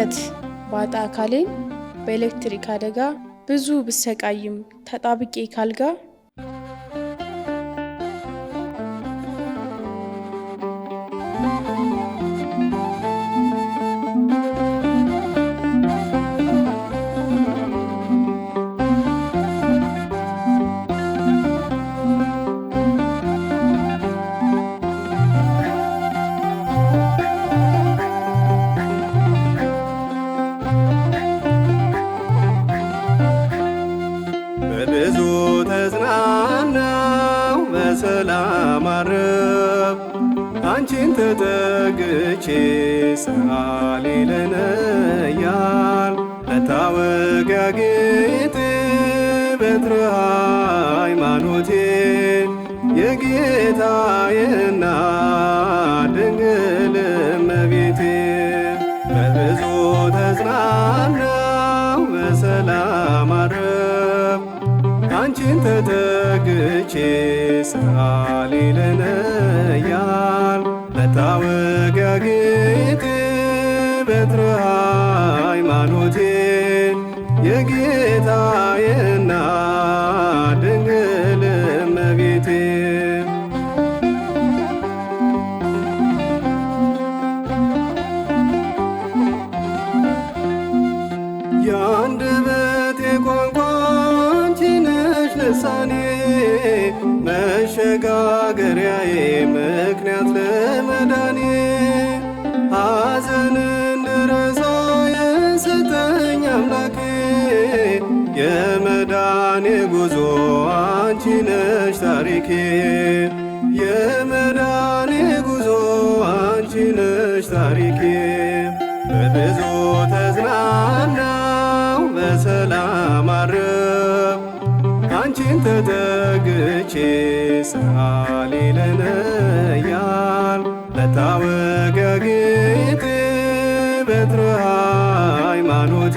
ድንገት ባጣ አካሌን በኤሌክትሪክ አደጋ ብዙ ብሰቃይም ተጣብቄ ካልጋ እንዳልቃረብ አንቺን ተጠግቼ ሰአሊ ለነ እያል ለታወጊያ ጌጤ በትረ ሃይማኖቴ የጌታዬና ድንግል እመቤቴ በብዙ ተጽናናው በሰላም አረብ አንቺን ተጠ ፍቼ ሳሊለነያል በታወጋግት በትረ ሃይማኖቴ የጌታዬና ድንግል እመቤቴ ቋንቋ መሸጋገሪያዬ ምክንያት ለመዳኔ ሐዘን እንድረሳ የሰጠኝ አምላኬ የመዳኔ ጉዞ አንቺ ነሽ ታሪኬ የመዳኔ ጉዞ አንቺ ነሽ ታሪኬ በብዙ ፊትህን ተጠግቼ ሳሊ ለነያል በታወጋግት በትረ ሃይማኖቴ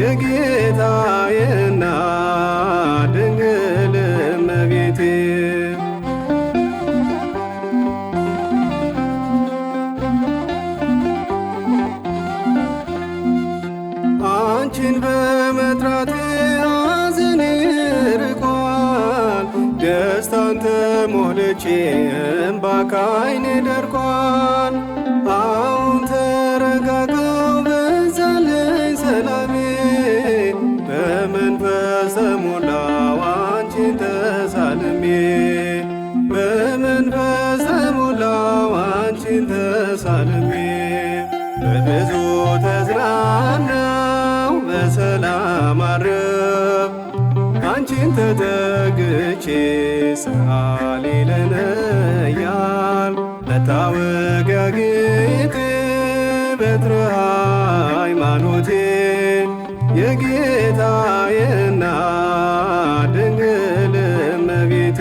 የጌታዬና ድንግል እመቤቴ ሞልቼ ባካይን ከዓይኔ ደርቋል። አሁን ተረጋጋው በዛልኝ ሰላሜ በመንፈሰ ሞላው አንቺን ተሳልሜ በመንፈሰ ሞላው አንቺን ተሳልሜ በብዙ ተዝናናው በሰላም አረፍ አንቺን ተጠግቼ ሰአሊ ለነ እያል መታወቂያጌጤ በትረ ሃይማኖቴ የጌታዬና ድንግል እመቤቴ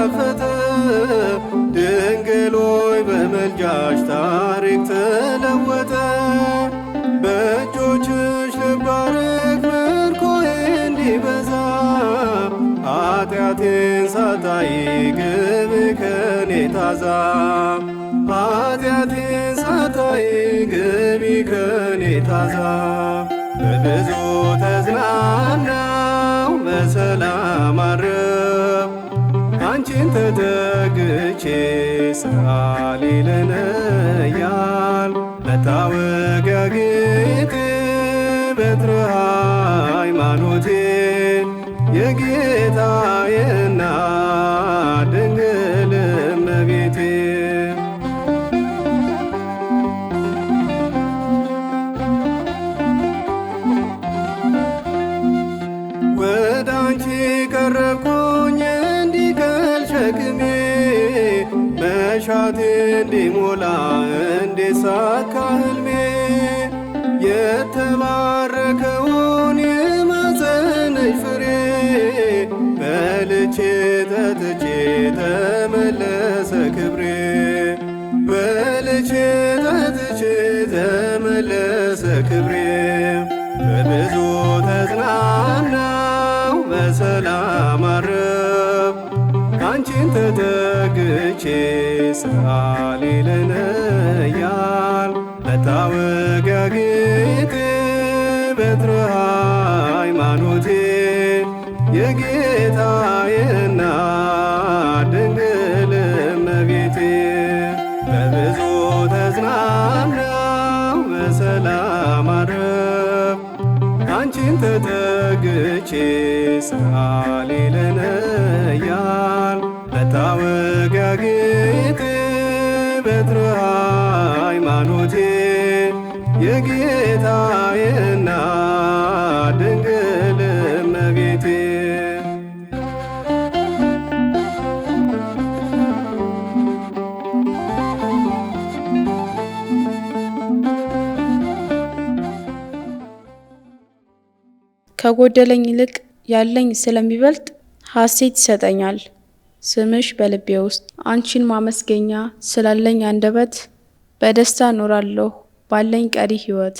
ተከፈተ። ድንግል ሆይ በመልጃሽ ታሪክ ተለወጠ። በእጆችሽ ልባረክ ምርኮዬ እንዲበዛ ኃጢአቴን ሳታይ ግብ ከኔ ታዛ ኃጢአቴን ሳታይ ግቢ ከኔ ታዛ በብዙ ተዝናናው በሰላም አረ ፊትሽን ተጠግቼ ሳሊ ለነያል በታወጋግት በትረ ሃይማኖቴ የጌታዬ እናት መሻቴ እንዲሞላ እንዲሳካ ህልሜ የተባረከውን የማፀንሽ ፍሬ በልቼ ጠጥቼ ተመለሰ ክብሬ በልቼ ጠጥቼ ተመለሰ ክብሬ በብዙ ተጽናናው በሰላም አረብ አንቺን ተተ ሞቼ ሰአሊ ለነ እያል በትረ ሃይማኖቴ ድንግል እመቤቴ በብዙ ተጽናናሁ በሰላም አረፍኩ አንቺን ተጠግቼ ሰአሊ ዳግት በትረ ሃይማኖቴ የጌታዬና ድንግል እመቤቴ ከጎደለኝ ይልቅ ያለኝ ስለሚበልጥ ሐሴት ይሰጠኛል። ስምሽ በልቤ ውስጥ አንቺን ማመስገኛ ስላለኝ አንደበት በደስታ እኖራለሁ ባለኝ ቀሪ ህይወት